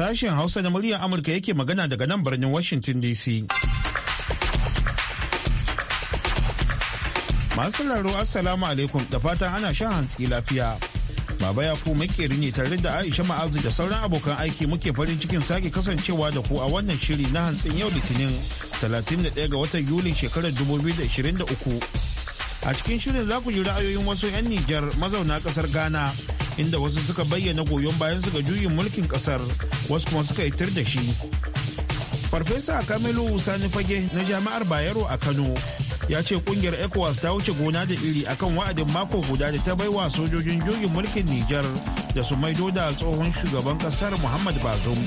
Sashen Hausa na muryar Amurka yake magana daga nan birnin Washington DC. Masu laro Assalamu alaikum da fatan ana shan hantsi lafiya. Baba ya ku makeri ne tare da Aisha Ma'azu da sauran abokan aiki muke farin cikin sake kasancewa da ku a wannan shiri na hantsin yau Litinin 31 ga watan Yuli shekarar 2023. A cikin shirin za ku ji ra'ayoyin wasu 'yan Nijar mazauna ƙasar Ghana inda wasu suka bayyana goyon bayan su ga juyin mulkin kasar wasu kuma suka yi tar da shi farfesa kamilu sani fage na jami'ar bayero a kano ya ce kungiyar ecowas ta wuce gona da iri akan wa'adin mako guda da ta baiwa sojojin juyin mulkin nijar da su maido da tsohon shugaban kasar muhammad bazum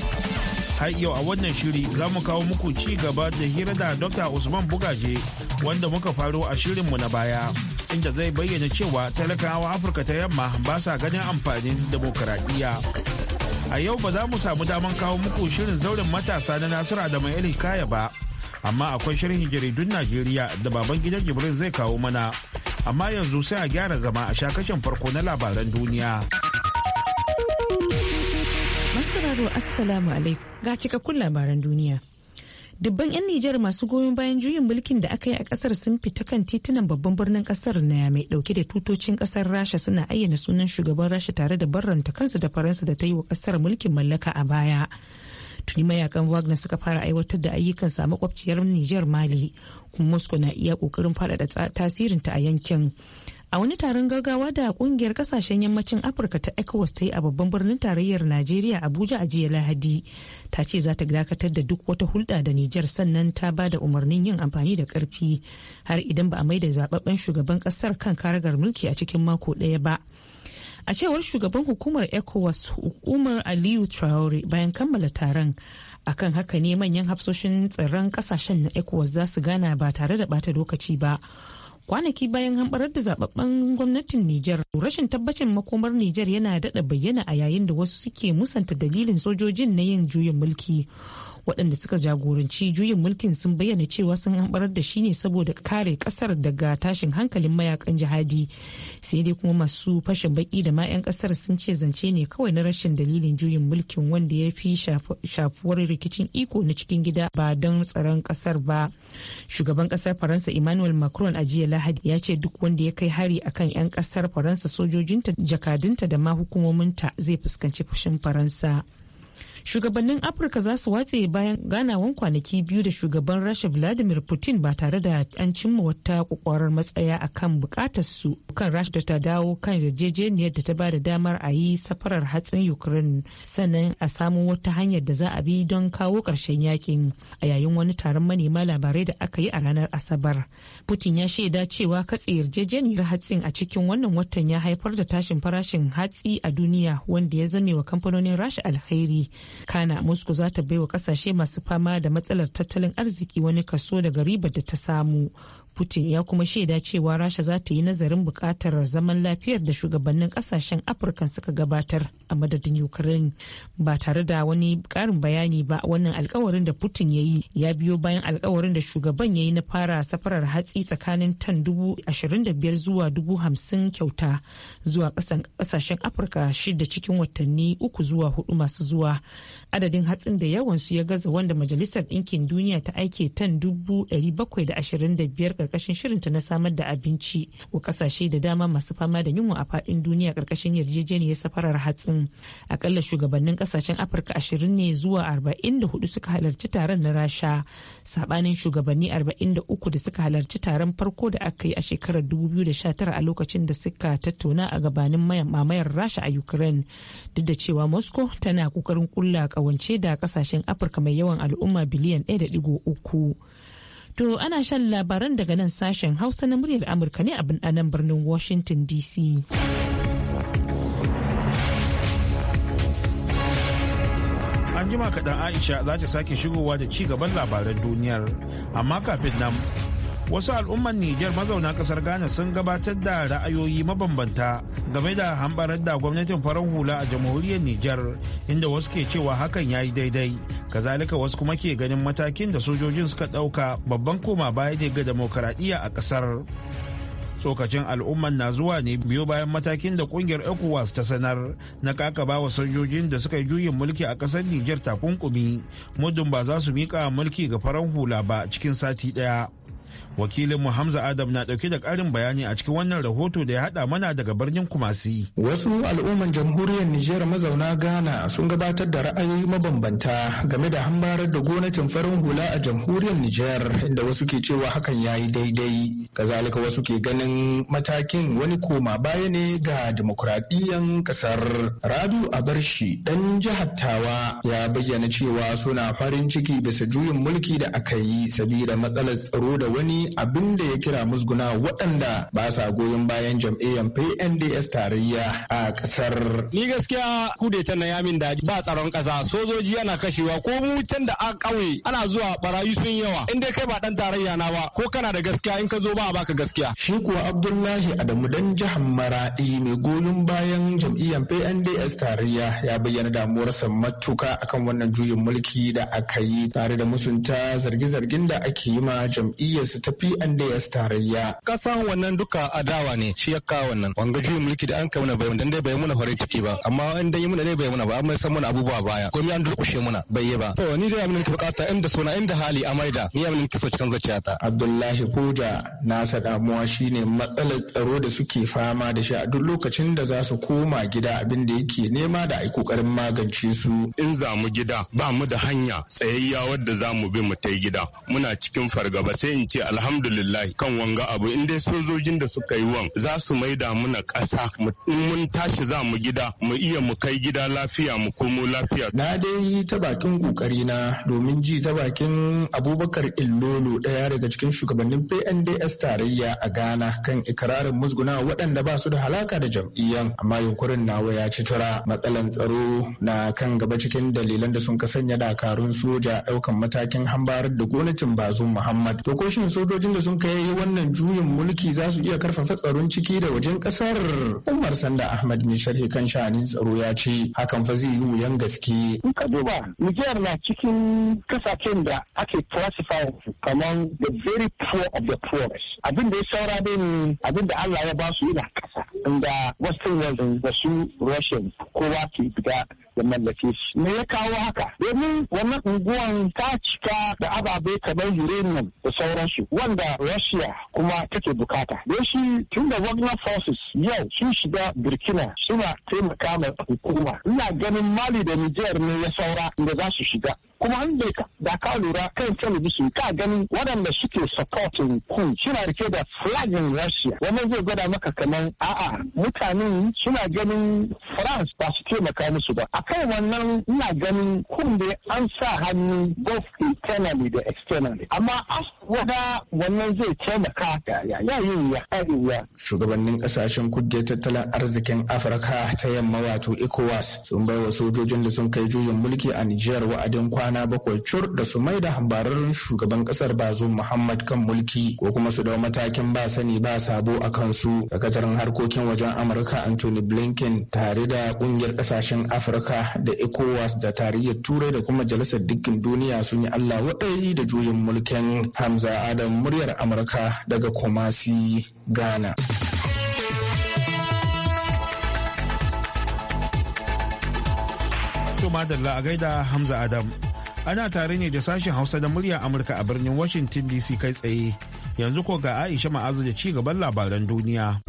har yau a wannan shiri za mu kawo muku ci gaba da hira da dr usman bugaje wanda muka faro a shirinmu na baya. inda zai bayyana cewa talakawa afirka ta yamma ba sa ganin amfanin demokaradiyya a yau ba za mu samu daman kawo muku shirin zauren matasa na nasiru da mai kaya ba amma akwai shirin jaridun najeriya da baban gidan jibrin zai kawo mana amma yanzu sai a gyara zama a shakashin farko na labaran duniya masu assalamu alaikum ga cikakkun labaran duniya dubban 'yan Nijar masu goyon bayan juyin mulkin da aka yi a kasar sun fita kan titunan babban birnin kasar na mai dauke da tutocin kasar Rasha suna ayyana sunan shugaban Rasha tare da barranta kansu da Faransa da ta yi wa kasar mulkin mallaka a baya. Tuni mayakan Wagner suka fara aiwatar da ayyukan sa makwabciyar Nijar Mali, kuma Moscow na iya kokarin faɗaɗa tasirinta a yankin. a wani taron gaggawa da kungiyar kasashen yammacin afirka ta ecowas ta yi a babban birnin tarayyar najeriya abuja a jiya lahadi ta ce za ta dakatar da duk wata hulɗa da nijar sannan ta ba da umarnin yin amfani da ƙarfi har idan ba a maida zababben shugaban ƙasar kan karagar mulki a cikin mako ɗaya ba a cewar shugaban hukumar ecowas hukumar aliyu traore bayan kammala taron akan haka ne manyan hafsoshin tsaron kasashen na ecowas za su gana ba tare da bata lokaci ba kwanaki bayan hamɓarar da zababben gwamnatin Nijar. Rashin tabbacin makomar Nijar yana daɗa bayyana a yayin da wasu suke musanta dalilin sojojin na yin juyin mulki. waɗanda suka jagoranci juyin mulkin sun bayyana cewa sun hambarar da shi ne saboda kare ƙasar daga tashin hankalin mayakan jihadi sai dai kuma masu fashin baƙi da ma 'yan ƙasar sun ce zance ne kawai na rashin dalilin juyin mulkin wanda ya fi shafuwar rikicin iko na cikin gida ba don tsaron ƙasar ba shugaban ƙasar faransa emmanuel macron a jiya lahadi ya ce duk wanda ya kai hari akan 'yan ƙasar faransa sojojinta jakadunta da ma hukumominta zai fuskanci fashin faransa shugabannin afirka za su watse bayan ganawan kwanaki biyu da shugaban rasha vladimir putin ba tare da an cimma wata kwakwarar matsaya akan bukatar su kan rasha da ta dawo kan yarjejeniyar da ta ba da damar a yi safarar hatsin ukraine sannan a samu wata hanyar da za a bi don kawo ƙarshen yakin a yayin wani taron manema labarai da aka yi a ranar asabar putin ya shaida cewa katse yarjejeniyar hatsin a cikin wannan watan ya haifar da tashin farashin hatsi a duniya wanda ya zame wa kamfanonin rasha alheri. kana musku za ta baiwa kasashe masu fama da matsalar tattalin arziki wani kaso daga ribar da ta samu Putin ya kuma shaida cewa Rasha za ta yi nazarin bukatar zaman lafiyar da shugabannin kasashen Afirka suka gabatar a madadin Ukraine ba tare da wani karin bayani ba wannan alkawarin da Putin ya yi ya biyo bayan alkawarin da shugaban ya yi na fara safarar hatsi tsakanin tan dubu ashirin da biyar zuwa dubu hamsin kyauta zuwa kasashen Afirka shida cikin watanni uku zuwa hudu masu zuwa adadin hatsin da yawansu ya gaza wanda Majalisar Ɗinkin Duniya ta aike tan dubu ɗari bakwai da ashirin da biyar karkashin shirinta na samar da abinci wa kasashe da dama masu fama da yunwa a faɗin duniya karkashin yarjejeniyar safarar hatsin akalla shugabannin kasashen afirka ashirin ne zuwa arba'in da hudu suka halarci taron na rasha sabanin shugabanni arba'in da uku da suka halarci taron farko da aka yi a shekarar dubu biyu da sha tara a lokacin da suka tattauna a gabanin mamayar rasha a ukraine duk da cewa moscow tana kokarin kulla kawance da kasashen afirka mai yawan al'umma biliyan ɗaya da ɗigo uku. To ana shan labaran daga nan sashen Hausa na muryar Amurka ne a nan birnin Washington DC. An jima kaɗan Aisha za ta sake shigowa da ci gaban labaran duniyar, amma kafin nan wasu al'umman Nijar mazauna kasar Ghana sun gabatar da ra'ayoyi mabambanta game da hambarar da gwamnatin farar hula a jamhuriyar Nijar inda wasu ke cewa hakan ya yi daidai. Kazalika wasu kuma ke ganin matakin da sojojin suka ɗauka babban koma baya ne ga demokaradiyya a kasar. tsokacin al'umman na zuwa ne biyo bayan matakin da kungiyar ecowas ta sanar na kakaba bawa sojojin da suka yi juyin mulki a kasar niger takunkumi muddin ba za su miƙa mulki ga farar hula ba cikin sati ɗaya wakilin mu hamza adam na dauke da karin bayani a cikin wannan rahoto da ya hada mana daga birnin kumasi wasu al'umman jamhuriyar nijar mazauna ghana sun gabatar da ra'ayoyi mabambanta game da hambarar da gwamnatin farin hula a jamhuriyar nijar inda wasu ke cewa hakan ya yi daidai kazalika wasu ke ganin matakin wani koma baya ne ga dimokuraɗiyyan kasar a abarshi dan jihar tawa ya bayyana cewa suna farin ciki bisa juyin mulki da aka yi sabida matsalar tsaro da wani abin da ya kira musguna waɗanda ba sa goyon bayan jam'iyyar PNDS tarayya a ƙasar. Ni gaskiya kudeta na yamin da ba tsaron ƙasa sojoji ana kashewa ko mu can da a ƙauye ana zuwa barayi sun yawa in dai kai ba ɗan tarayya na ba ko kana da gaskiya in ka zo ba a baka gaskiya. Shi kuwa Abdullahi Adamu dan jihar Maraɗi mai goyon bayan jam'iyyar PNDS tarayya ya bayyana damuwarsa matuka akan wannan juyin mulki da aka yi tare da musunta zarge zargin da ake yi ma su ta tafi an PNDS tarayya. Kasan wannan duka adawa ne shi ya kawo wannan. Wanga juyin mulki da an kai muna bayan dan dai bai muna farin ciki ba amma in dai muna dai bai muna ba amma san muna abubuwa baya komai an durkushe muna bai yi ba. To ni dai abin bukata inda suna inda hali a maida ni abin da so cikin zuciyata. Abdullahi Koja nasa damuwa shine matsalar tsaro da suke fama da shi a duk lokacin da za su koma gida abin da yake nema da ai kokarin magance su. In za mu gida ba mu da hanya tsayayya wadda za mu bi mu ta gida muna cikin fargaba sai in ce alhamdulillah alhamdulillah kan wanga abu in dai sojojin da suka yi wan za su maida muna ƙasa in mun tashi za mu gida mu iya mu kai gida lafiya mu komo lafiya. Na dai ta bakin kokari na domin ji ta bakin Abubakar Illolo ɗaya daga cikin shugabannin PNDS tarayya a Ghana kan ikirarin musguna waɗanda ba su da halaka da jam'iyyan amma yunkurin nawa ya ci tura matsalan tsaro na kan gaba cikin dalilan da sun sanya dakarun soja ɗaukan matakin hambarar da gwamnatin Bazum Muhammad. To ko shin dokokin da sun kai wannan juyin mulki za su iya karfafa tsaron ciki da wajen kasar umar sanda ahmad mai sharhi kan sha'anin tsaro ya ce hakan fa zai yi wuyan gaske in ka duba Niger na cikin kasashen da ake classify kamar the very poor of the poorest abin da ya saura da ne abin da allah ya ba su yana kasa inda western world da su russian kowa ke bida ya mallake shi me ya kawo haka domin wannan unguwan ta cika da ababe kamar uranium da sauran sauransu wanda russia kuma take bukata don shi tun da wagner forces yau sun shiga burkina suna taimaka mai hukuma ina ganin mali da niger ne ya saura da za su shiga kuma an da ka lura kan talabijin ka ganin waɗanda suke supporting ku suna rike da flagin Russia wannan zai gwada maka kamar a'a mutanen suna ganin France ba su taimaka musu ba akan wannan ina ganin kun da an sa hannu both internally da externally amma wada wannan zai taimaka ya yi ya ya shugabannin kasashen kudde tattalin arzikin Afirka ta yamma wato ECOWAS sun bai wa sojojin da sun kai juyin mulki a Nijar wa'adin kwana kwana bakwai cur da su maida da hambararren shugaban kasar bazum muhammad kan mulki ko kuma su dau matakin ba sani ba sabo a kansu sakataren harkokin wajen amurka anthony blinken tare da kungiyar kasashen afirka da ecowas da tarayyar turai da kuma jalisar dukkin duniya sun yi allah waɗai da juyin mulkin hamza adam muryar amurka daga kumasi ghana to madalla a gaida Hamza Adam. ana tare ne da sashen hausa da murya amurka a birnin washington dc kai tsaye yanzu ko ga aisha ma'azu da ci gaban labaran duniya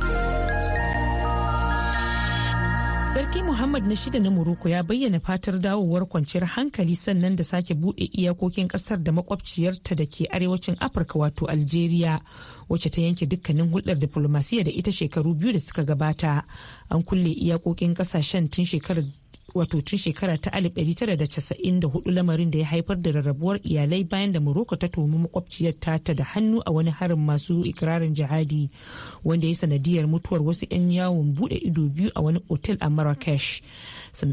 sarki muhammad na shida na morocco ya bayyana fatar dawowar kwanciyar hankali sannan da sake bude iyakokin kasar da makwabciyarta da ke arewacin afirka wato algeria wacce ta yanke dukkanin hulɗar diflomasiyya da ita shekaru biyu da suka gabata an kulle iyakokin ƙasashen tun shekarar wato tun shekara ta 1994 lamarin da ya haifar da rarrabuwar iyalai bayan da Morocco ta tomi makwabciyar tata da hannu a wani harin masu ikirarin jihadi wanda ya sanadiyar mutuwar wasu 'yan yawon bude ido biyu a wani otel a Marrakesh.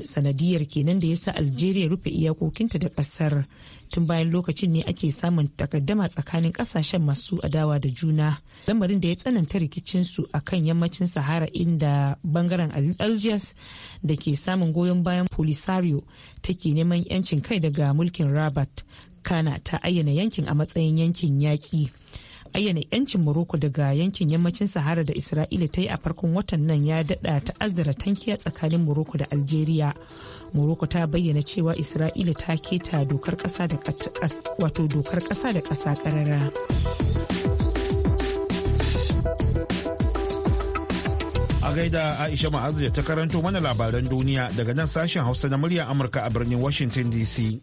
Sanadiyar kenan da ya sa Algeria rufe iyakokinta da kasar tun bayan lokacin ne ake samun takaddama tsakanin kasashen masu adawa da juna lamarin da ya tsananta rikicinsu a kan yammacin sahara inda bangaren algiers da ke samun goyon bayan polisario take neman yancin kai daga mulkin rabat kana ta ayyana yankin a matsayin yankin yaƙi ayyana 'yancin Morocco daga yankin yammacin Sahara da Isra'ila ta yi a farkon watan nan ya daɗa ta'azzara tankiya tsakanin Morocco da Algeria. Morocco ta bayyana cewa Isra'ila ta keta dokar ƙasa da wato dokar ƙasa da ƙasa ƙarara. a gaida Aisha Ma'azu ta karanto mana labaran duniya daga nan sashen Hausa na murya Amurka a birnin Washington DC.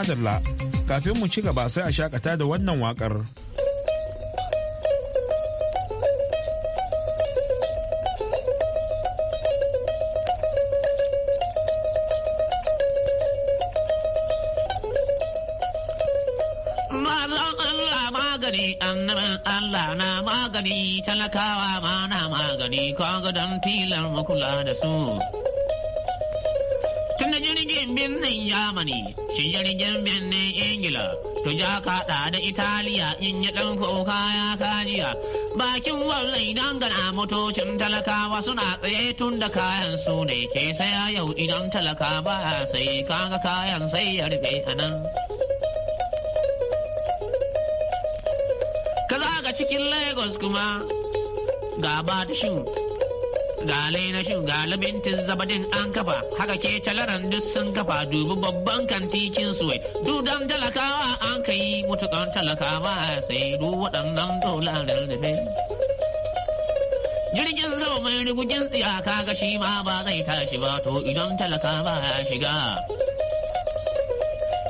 madalla kafin mu ci gaba sai a shakata da wannan wakar. annaban Allah na magani talakawa ma na magani kaga don tilar makula da su. birnin yamani shi jirgin birnin ingila to ja kaɗa da italiya in ya ɗan kuka ya kajiya bakin wallai dangana motocin talakawa suna tsaye tun da kayan su ne ke saya yau idan talaka ba sai kaga kayan sai ya rufe a nan ka cikin lagos kuma ga ba ga na shin ga labintin zabadin an kafa haka ke talaran duk sun kafa dubi babban kantikin suwai dudan talakawa an mutu yi mutukan talakawa sai du waɗannan dolarar da bai jirgin sama mai rigujin tsiyaka ga shi ma ba zai tashi ba to idan talaka ba ya shiga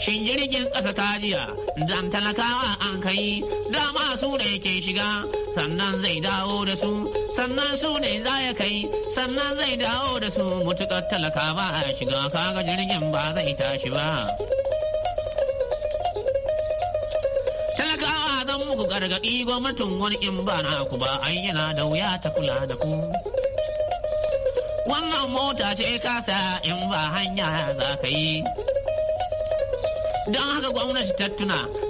shin jirgin ƙasa ta jiya dan talakawa an kai dama su da yake shiga sannan zai dawo da su sannan su ne za ya kai sannan zai dawo da su mutukar talaka ba a shiga kaga jirgin ba zai tashi ba talakawa zan muku gargaɗi gwamnatin wani in ba na ku ba ai yana da wuya ta kula da ku wannan mota ce kasa in ba hanya za ka yi don haka gwamnati ta tuna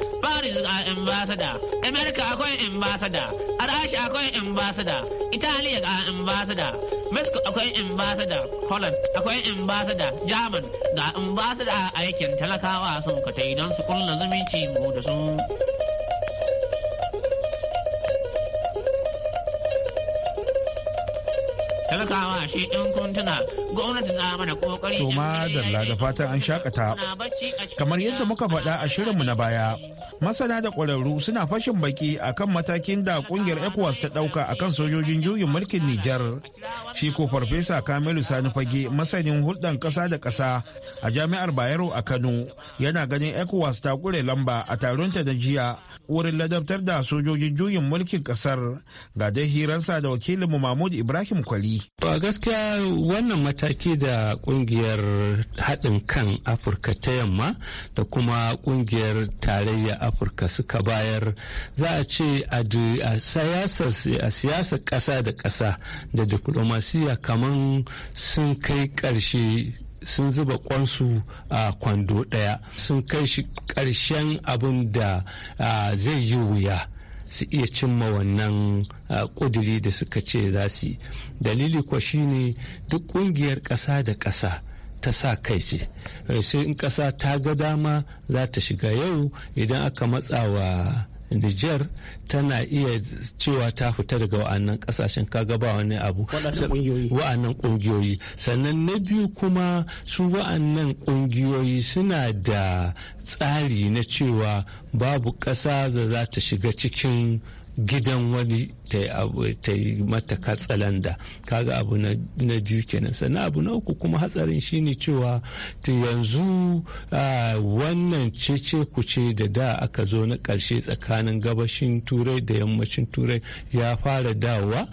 Paris a uh, ambassador, America akwai ambassador, Arashi akwai ambassador, Italiya a uh, ambassador, Mexico akwai ambassador, Holland akwai ambasada German ga ambassador a aikin talakawa sun kata don su kulla zumunci mu da su. talakawa shi in kun gwamnati na mana to ma da fatan an shakata kamar yadda muka faɗa a shirinmu na baya masana da ƙwararru suna fashin baki akan matakin da ƙungiyar ecowas ta ɗauka akan sojojin juyin mulkin nijar Shi ko Farfesa Kamilu Sani Fage masanin hulɗan ƙasa da ƙasa a Jami'ar Bayero a Kano yana ganin ECOWAS ta kure lamba a taronta na jiya wurin ladabtar da sojojin juyin mulkin ƙasar ga dai hiransa da wakilin mu Mahmud Ibrahim Kwali. a gaskiya wannan mataki da kungiyar haɗin kan Afirka ta yamma da kuma kungiyar tarayya Afirka suka bayar za a ce a siyasar ƙasa da ƙasa da diplomasiyyar diplomasiya kamar sun kai ƙarshe sun zuba kwansu a kwando ɗaya sun kai shi ƙarshen abin da zai yi wuya su iya cimma wannan ƙuduri da suka ce za su dalili kwa shine duk ƙungiyar ƙasa da ƙasa ta sa kai ce eh, sai in ƙasa ta ga dama za ta shiga yau idan aka matsawa. Nijar tana iya cewa ta fita daga wa'annan kasashen kaga ba wani abu wa'annan kungiyoyi sannan na biyu kuma su wa'annan kungiyoyi suna da tsari na cewa babu ƙasa da za ta shiga cikin gidan wani ta yi mata katsalanda kaga abu na biyu kenan sannan abu na uku kuma hatsarin shine cewa ta yanzu wannan cece kuce da da aka zo na ƙarshe tsakanin gabashin turai da yammacin turai ya fara dawa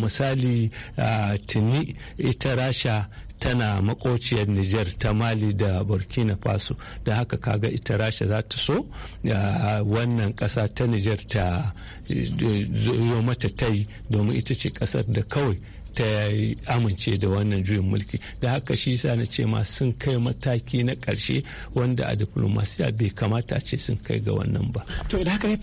misali tuni ita rasha tana makociyar Nijar ta Mali da Burkina Faso da haka kaga ita Rasha za ta so wannan ƙasa ta Nijar ta yi eh, mata ta yi domin ita ce ƙasar da kawai ta amince da wannan juyin mulki da haka shi sa na ce ma sun kai mataki na ƙarshe wanda a diplomasiya bai kamata ce sun kai ga wannan ba to da haka ne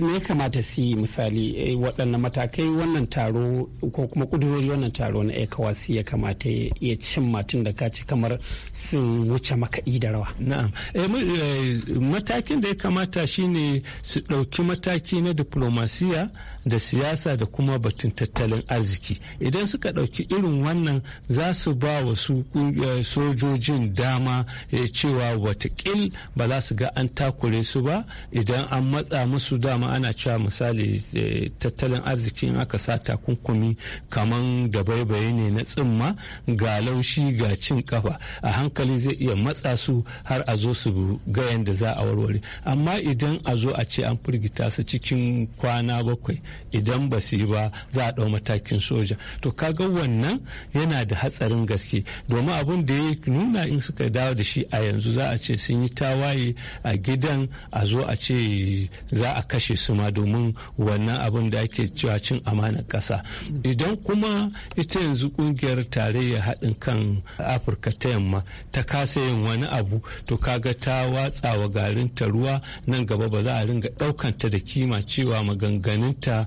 me kamata su yi misali eh, waɗannan matakai wannan taro ko kuma ƙudurori wannan taro na ecowas ya kamata ya cimma tun da kace kamar sun wuce makaɗi da rawa na'am eh, eh, matakin da ya kamata shine su ɗauki mataki na diplomasiya da siyasa da kuma batun tattalin arziki idan suka ɗauki irin wannan za su ba wa su eh, sojojin dama eh, cewa watakil ba za su ga an takure su ba idan an matsa musu dama ana cewa misali eh, tattalin arzikin aka sa takunkumi kaman da baibaye ne na tsimma ga laushi ga cin kafa a hankali zai iya matsa su har a zo su ga yadda za a warware amma idan a zo a ce an firgita su cikin kwana bakwai idan ba su yi ba za a ɗau matakin soja to kaga wannan yana da hatsarin gaske domin abun da ya nuna in suka dawo da shi a yanzu za a ce sun yi tawaye a gidan a zo a ce za a kashe su ma domin wannan abun da ake cewa cin amana ƙasa idan kuma ita yanzu kungiyar tarayya haɗin kan afirka ta yamma ta kasa yin wani abu to kaga ta watsa wa garin ta ruwa nan gaba ba za a ringa ɗaukanta da kima cewa maganganunta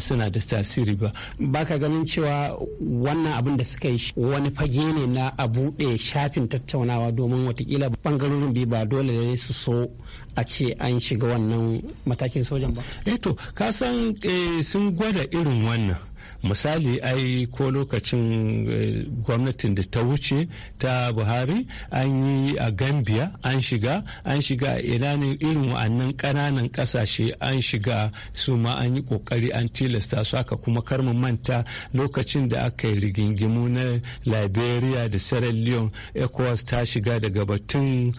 suna da tasiri ba baka ganin cewa wannan abin da suka yi wani fage ne na a buɗe shafin tattaunawa domin watakila bangarorin biyu ba dole ne su so a ce an shiga wannan matakin sojan ba. Eh ka kasan eh, sun gwada irin wannan misali ai ko lokacin eh, gwamnatin da ta wuce ta buhari an yi a gambia an shiga an shiga ina ne irin wa'annan ƙananan ƙasashe an shiga su ma an yi ƙoƙari an tilasta su haka kuma kar mu manta lokacin da aka yi rigingimu na liberia da sierra leone ecowas ta shiga daga batun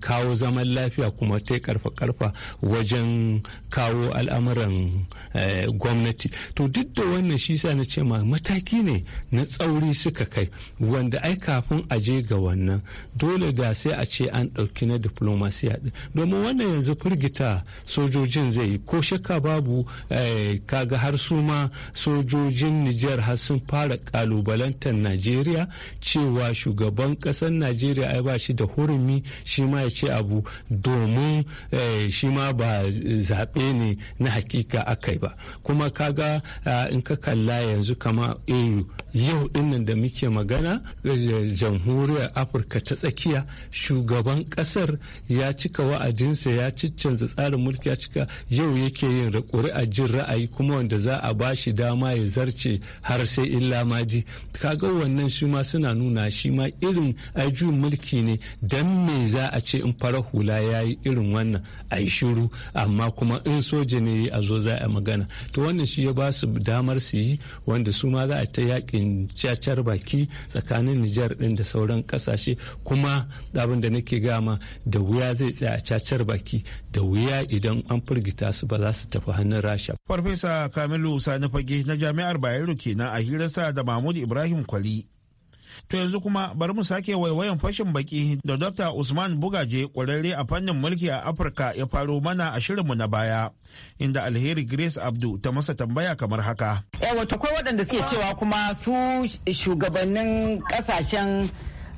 kawo zaman lafiya kuma ta karfa-karfa wajen kawo al'amuran eh, gwamnati to duk da wani wannan shi sa na ce ma mataki ne na tsauri suka kai wanda ai kafin a je ga wannan dole da sai a ce an ɗauki na diplomasiya ɗin domin wannan yanzu firgita sojojin zai yi ko shakka babu eh, kaga har su ma sojojin Nijar har sun fara kalubalantar Najeriya cewa shugaban ƙasar Najeriya ai ba shi da hurumi shi ma ya ce abu domin eh, shi ma ba zaɓe ne na hakika aka yi ba kuma kaga eh, in ka kalla yanzu kama au eh, yau dinnan da muke magana eh, jamhuriyar afirka ta tsakiya shugaban kasar ya cika wa'adinsa ya ciccanza tsarin mulki ya cika yau yake yin a jin ra'ayi kuma wanda za a ba shi dama ya zarce har sai illa maji kaga wannan shi ma suna nuna shi ma irin ajiyun mulki ne dan me za a ce in fara hula ya yi irin wannan a yi shiru amma kuma in soja ne a zo za a magana to wannan shi ya ba su damar kamar su yi wanda su ma za a ta yakin cacar baki tsakanin nijar din da sauran kasashe kuma abin da nake gama da wuya zai tsaya a cacar baki da wuya idan an firgita su ba za su tafi hannun rasha farfesa kamilu sani fage na jami'ar bayero kenan a hirarsa da mahmud ibrahim kwali To yanzu kuma bari mu sake waiwayan fashin baki da Dr. Usman Bugaje kwararre a fannin mulki a Afirka ya faro mana a shirinmu na baya inda alheri Grace Abdu ta masa tambaya kamar haka. Eh wato kai waɗanda suke cewa kuma su shugabannin kasashen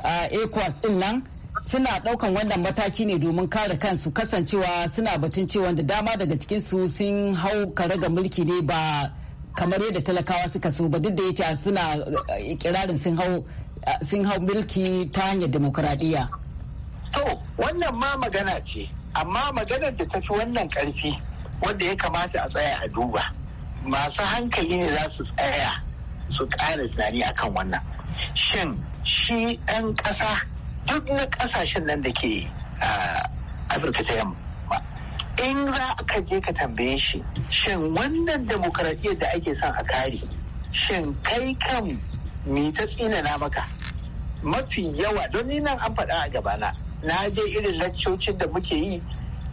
eh, ECOWAS din nan suna ɗaukan wannan mataki ne domin kare kansu kasancewa suna batun cewa da dama daga cikin su sun hau kare ga mulki ne ba kamar yadda talakawa suka so ba duk da yake suna eh, kirarin sun hau Eh, sun hau mulki ta hanyar demokuraɗiyya. To, wannan ma magana ce, amma maganar da ta fi wannan ƙarfi wanda ya kamata a tsaya a duba. Masu hankali ne za su tsaya su ƙara tunani akan wannan. Shin shi ɗan ƙasa duk na ƙasashen nan da ke eh, Afirka ta yamma. In za ka je ka tambaye shi, shin wannan demokaradiyyar da ake son a kare, shin kai kan mi ta na maka mafi yawa don ni nan an faɗa a gabana na je irin laccocin da muke yi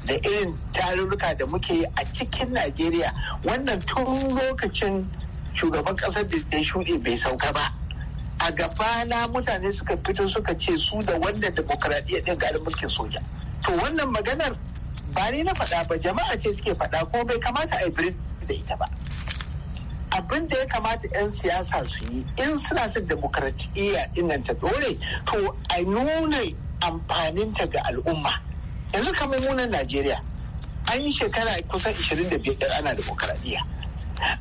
da irin tarurruka da muke yi a cikin najeriya wannan tun lokacin shugaban ƙasar da ya shuɗe bai sauka ba a gabana mutane suka fito suka ce su da wannan demokradiyya din garin mulkin soja to wannan maganar ba ni na faɗa ba jama'a ce suke faɗa ko bai kamata a yi da ita ba abin da ya kamata 'yan siyasa su yi in suna son demokratiya inganta dore to a nuna amfaninta ga al'umma yanzu kamar munan najeriya an yi shekara kusan 25 ana demokradiyya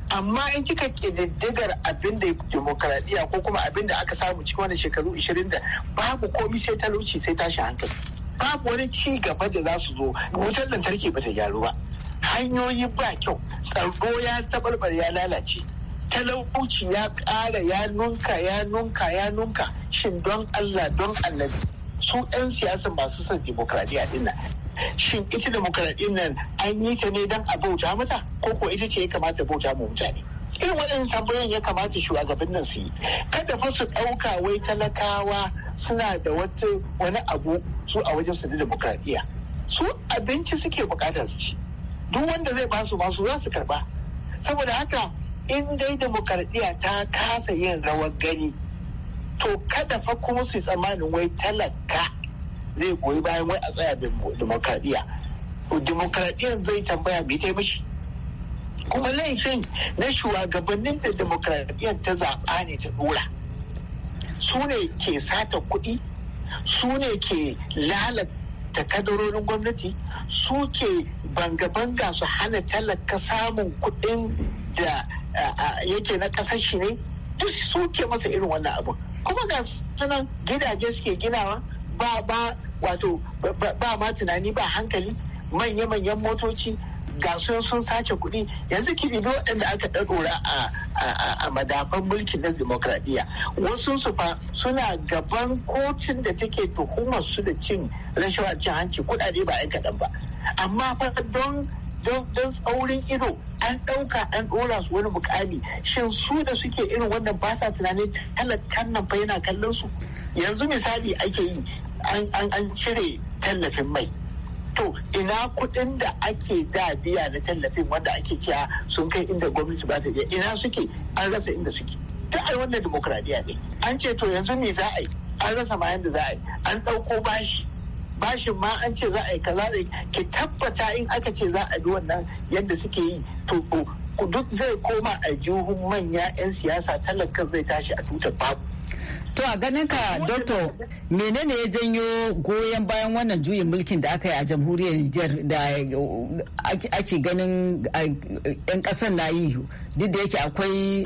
amma in kika kididdigar abin da demokradiyya ko kuma abin da aka samu cikin wani shekaru 20 da babu komi sai talauci sai tashi hankali babu wani ci gaba da za su zo wutar lantarki ba ta gyaru ba hanyoyi ba kyau tsaro ya tabarbar ya lalace talauci ya ƙara ya nunka ya nunka ya nunka shin don allah don annabi su 'yan siyasa masu son demokradiyya dinnan shin ita dimokuraɗiyyar nan an yi ta ne don a bauta mata ko ko ita ce ya kamata bauta mu mutane irin waɗannan tambayoyin ya kamata shugabannin nan su yi kada fa su ɗauka wai talakawa suna da wata wani abu su a wajen su na demokradiyya su abinci suke bukatar su ci duk wanda zai basu basu za su karba saboda haka in dai demokaradiyya ta kasa yin rawar gani to kada fa kuma su tsammanin wai talaka zai goyi bayan wai a tsaya demokarɗiyya demokarɗiyyar zai tambaya mai ta mishi kuma laifin na shugabannin da demokarɗiyyar ta zaɓa ne ta dora su ne ke sata kuɗi su ne ke lalata kadarorin gwamnati suke banga-banga su hana talaka samun kuɗin da yake na ƙasar shi ne duk suke masa irin wannan abu kuma ga sunan gidaje suke ginawa ba ba wato ba ma tunani ba hankali manya-manyan motoci ga sun sace kuɗi yanzu kiɗi waɗanda aka ɗaɗora a madafan mulkin na demokradiyya wasu su fa suna gaban kotun da take tuhumar su da cin rashawa cin hanci kuɗaɗe ba kaɗan ba amma fa don don tsaurin ido an ɗauka an ɗora su wani mukami shin su da suke irin wannan ba sa tunanin talakan nan fa yana kallon su yanzu misali ake yi an cire tallafin mai to ina kuɗin da ake da biya na tallafin wanda ake cewa sun kai inda gwamnati ba ta biya ina suke an rasa inda suke duk ai wannan demokradiya ne an ce to yanzu me za a yi an rasa ma yanda za a yi an ɗauko bashi bashin ma an ce za a yi kaza da ki tabbata in aka ce za a bi wannan yadda suke yi to duk zai koma a juhun manya 'yan siyasa talakan zai tashi a tutar babu To a ganin ka Dokto menene ya janyo goyon bayan wannan juyin mulkin da aka yi a jamhuriyar Nijar da ake ganin 'yan ƙasar na yi duk da yake akwai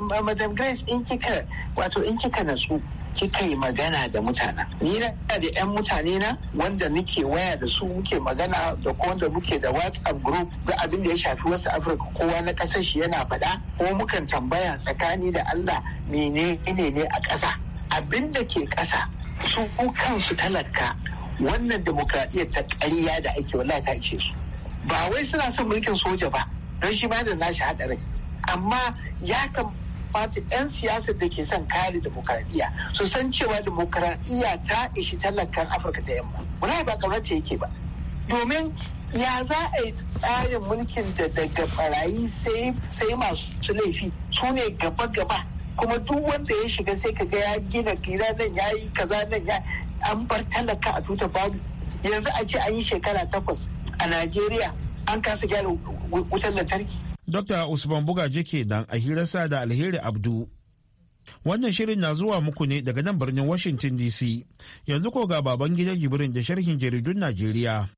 madam grace in kika wato in kika natsu kika yi magana da mutane ni na da yan mutane na wanda nike waya da su muke magana da ko wanda muke da whatsapp group da abin da ya shafi wasu afirka kowa na kasar shi yana faɗa ko mukan tambaya tsakani da allah menene ne a ƙasa abin da ke ƙasa su kansu talaka wannan demokradiyyar ta ƙarya da ake wallahi ta ishe su ba wai suna son mulkin soja ba don shi ba da nashi hadarin amma ya kamata fati 'yan siyasar da ke son kare demokradiyya su san cewa demokradiyya ta ishi talakan afirka ta yamma wala ba kamar ta yake ba domin ya za a yi tsarin mulkin da daga barayi sai masu laifi su ne gaba-gaba kuma duk wanda ya shiga sai ka ga ya gina gida nan ya yi kaza nan ya an bar talaka a tuta babu yanzu a ce an yi shekara takwas a najeriya an kasa gyara wutar lantarki Dr. Usman Buga jike dan a hirarsa da Alheri Abdu. Wannan shirin na zuwa muku ne daga nan birnin Washington DC. Yanzu ko ga baban gidan Jibrin da sharhin jaridun Najeriya.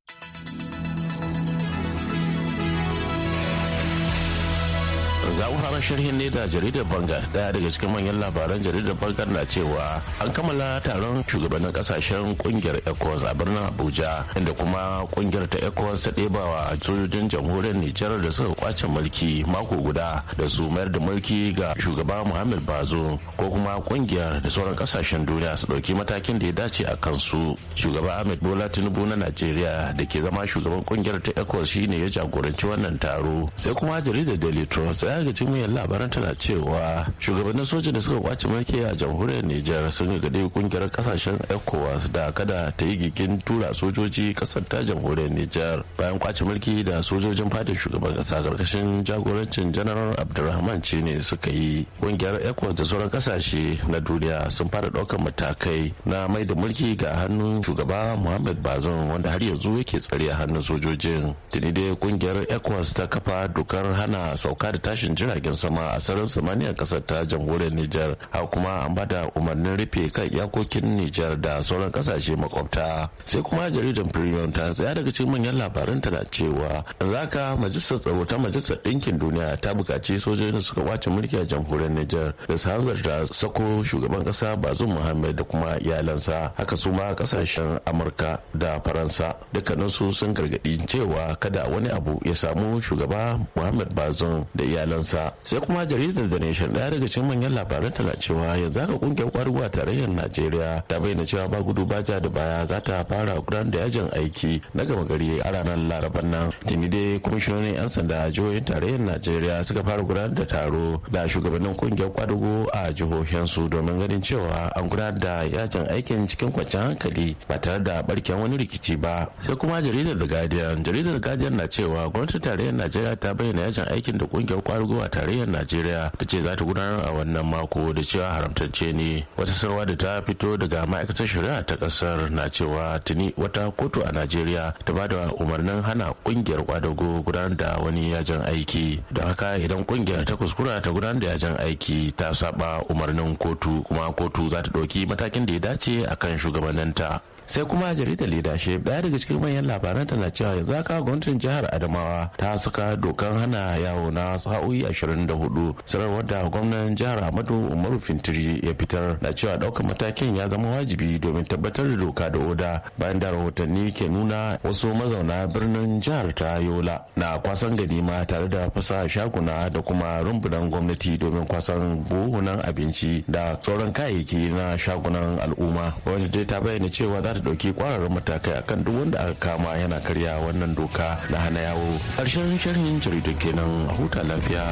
za mu fara sharhin ne da jaridar banga daya daga cikin manyan labaran jaridar banga na cewa an kammala taron shugabannin kasashen kungiyar ecowas a birnin abuja inda kuma kungiyar ta ecowas ta ɗeba wa sojojin jamhuriyar nijar da suka kwace mulki mako guda da su mayar da mulki ga shugaba muhammad bazo ko kuma kungiyar da sauran kasashen duniya su ɗauki matakin da ya dace a kansu shugaba ahmed bola tinubu na najeriya da ke zama shugaban kungiyar ta ecowas shine ya jagoranci wannan taro sai kuma jaridar daily trust daya daga cikin manyan labaran tana cewa shugabannin sojin da suka kwace mulki a jamhuriyar nijar sun gaɗe kungiyar kasashen ecowas da kada ta yi gigin tura sojoji kasar ta jamhuriyar nijar bayan kwace mulki da sojojin fadin shugaban kasa karkashin jagorancin general abdulrahman ce suka yi kungiyar ecowas da sauran kasashe na duniya sun fara ɗaukar matakai na mai da mulki ga hannun shugaba muhammad Bazoum wanda har yanzu yake tsare a hannun sojojin tuni dai kungiyar ecowas ta kafa dokar hana sauka da tashi. jiragen sama a sararin samaniyar kasar ta jamhuriyar Nijar har kuma an bada umarnin rufe kan iyakokin Nijar da sauran kasashe makwabta sai kuma jaridan Premium ta tsaya daga cikin manyan labaran ta da cewa zaka majalisar tsaro ta majalisar ɗinkin duniya ta buƙaci sojojin da suka wace mulki a jamhuriyar Nijar da su hanzarta sako shugaban kasa Bazoum Muhammad da kuma iyalansa haka su ma kasashen Amurka da Faransa dukkaninsu sun gargaɗi cewa kada wani abu ya samu shugaba Muhammad Bazoum da iyalansa kansa sai kuma jaridar da nation daya daga cikin manyan labaran tana cewa yanzu aka kungiyar kwadugo tarayyar najeriya ta bayyana cewa ba gudu ba ja da baya za ta fara gudanar da yajin aiki na gama gari a ranar laraban nan tuni dai kwamishinonin yan sanda jihohin tarayyar najeriya suka fara gudanar da taro da shugabannin kungiyar kwadugo a jihohinsu domin ganin cewa an gudanar da yajin aikin cikin kwanciyar hankali ba tare da barken wani rikici ba sai kuma jaridar the guardian jaridar guardian na cewa gwamnatin tarayyar najeriya ta bayyana yajin aikin da kungiyar kwadugo zuwa tarayyar najeriya ta ce za ta gudanar a wannan mako da cewa haramtacce ne wata sarwa da ta fito daga ma'aikatar shari'a ta kasar na cewa tuni wata kotu a najeriya ta bada umarnin hana kungiyar kwadago gudanar da wani yajin aiki don haka idan kungiyar ta kuskura ta gudanar da yajin aiki ta saba umarnin kotu kuma kotu za ta ɗauki matakin da ya dace akan shugabanninta sai kuma jaridar leadership daya daga cikin manyan labaran tana cewa yanzu haka gwamnatin jihar adamawa ta saka dokan hana yawo na sa'o'i 24 sanarwar da gwamnan jihar amadu umaru fintiri ya fitar na cewa ɗaukar matakin ya zama wajibi domin tabbatar da doka da oda bayan da rahotanni ke nuna wasu mazauna birnin jihar ta yola na kwasan ganima tare da fasa shaguna da kuma rumbunan gwamnati domin kwasan buhunan abinci da sauran kayayyaki na shagunan al'umma wanda ta bayyana cewa za ta dauki kwararren matakai akan duk wanda aka kama yana karya wannan doka na hana yawo ƙarshen sharhin jaridar kenan a huta lafiya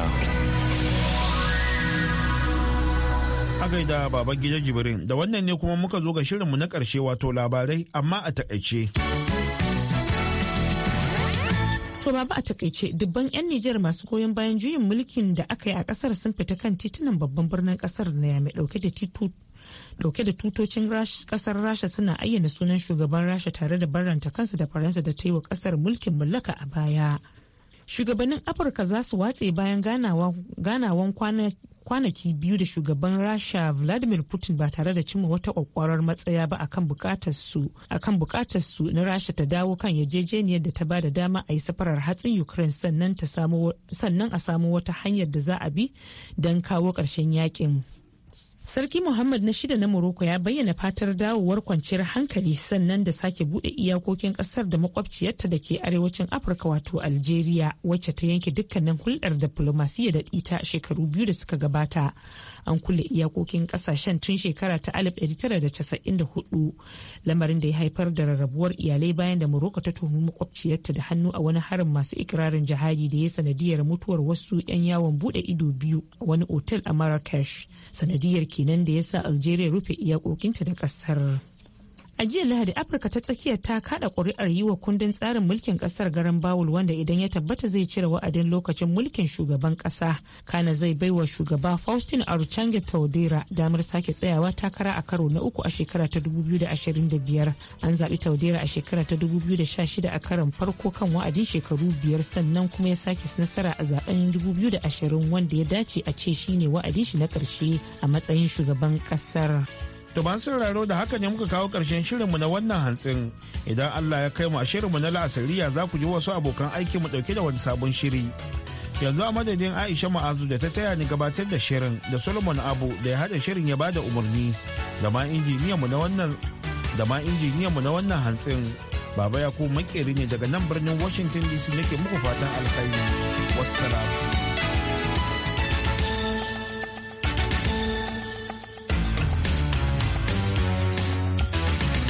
a gaida baban gidan jibirin da wannan ne kuma muka zo ga shirinmu na karshe wato labarai amma a takaice. to ba a takaice dubban 'yan Nijar masu goyon bayan juyin mulkin da aka yi a kasar sun fita kan titunan babban birnin kasar na ya mai dauke da dauke da tutocin kasar rasha suna ayyana sunan shugaban rasha tare da barranta kansa da faransa da ta yi wa kasar mulkin mallaka a baya shugabannin afirka za su watse bayan ganawan kwanaki biyu da shugaban rasha vladimir putin ba tare da cimma wata kwakwarar matsaya ba akan bukatar su na rasha ta dawo kan yarjejeniyar da ta ba da dama a yi safarar hatsin ukraine sannan a samu wata hanyar da za a bi don kawo ƙarshen yakin. Sarki Muhammad na shida na Morocco ya bayyana fatar dawowar kwanciyar hankali sannan da sake bude iyakokin kasar da makwabciyarta da ke arewacin Afirka wato Algeria wacce ta yanke dukkanin hulɗar diflomasiyya da ita shekaru biyu da suka gabata. an kulle iyakokin kasashen tun shekara ta 1994 lamarin da ya haifar da rarrabuwar iyalai bayan da Morocco ta tuhumi makwabciyarta da hannu a wani harin masu ikirarin jihadi da ya sanadiyar mutuwar wasu 'yan yawon bude ido biyu a wani otel a Marrakesh sanadiyar kenan da ya sa Algeria rufe iyakokinta da kasar. A jiya Lahadi Afirka ta tsakiya ta kada ƙuri'ar yi wa kundin tsarin mulkin ƙasar garin Bawul wanda idan ya tabbata zai cire wa'adin lokacin mulkin shugaban ƙasa. Kana zai bai wa shugaba Faustin Aruchange Taudera damar sake tsayawa takara a karo na uku a shekara ta 2025. An zaɓi Taudera a shekara ta 2016 a karon farko kan wa'adin shekaru biyar sannan kuma ya sake nasara a zaben 2020 wanda ya dace a ce shine wa'adin shi na ƙarshe a matsayin shugaban ƙasar. To masu sauraro da haka ne muka kawo ƙarshen shirinmu na wannan hantsin. Idan Allah ya kai mu a shirinmu na la'asariya za ku ji wasu abokan aiki mu ɗauke da wani sabon shiri. Yanzu a madadin Aisha Ma'azu da ta taya ni gabatar da shirin da Solomon Abu da ya haɗa shirin ya ba da umarni da ma injiniyanmu na wannan na wannan hantsin. Baba ya ku makeri ne daga nan birnin Washington DC nake muku fatan alkhairi. Wassalam.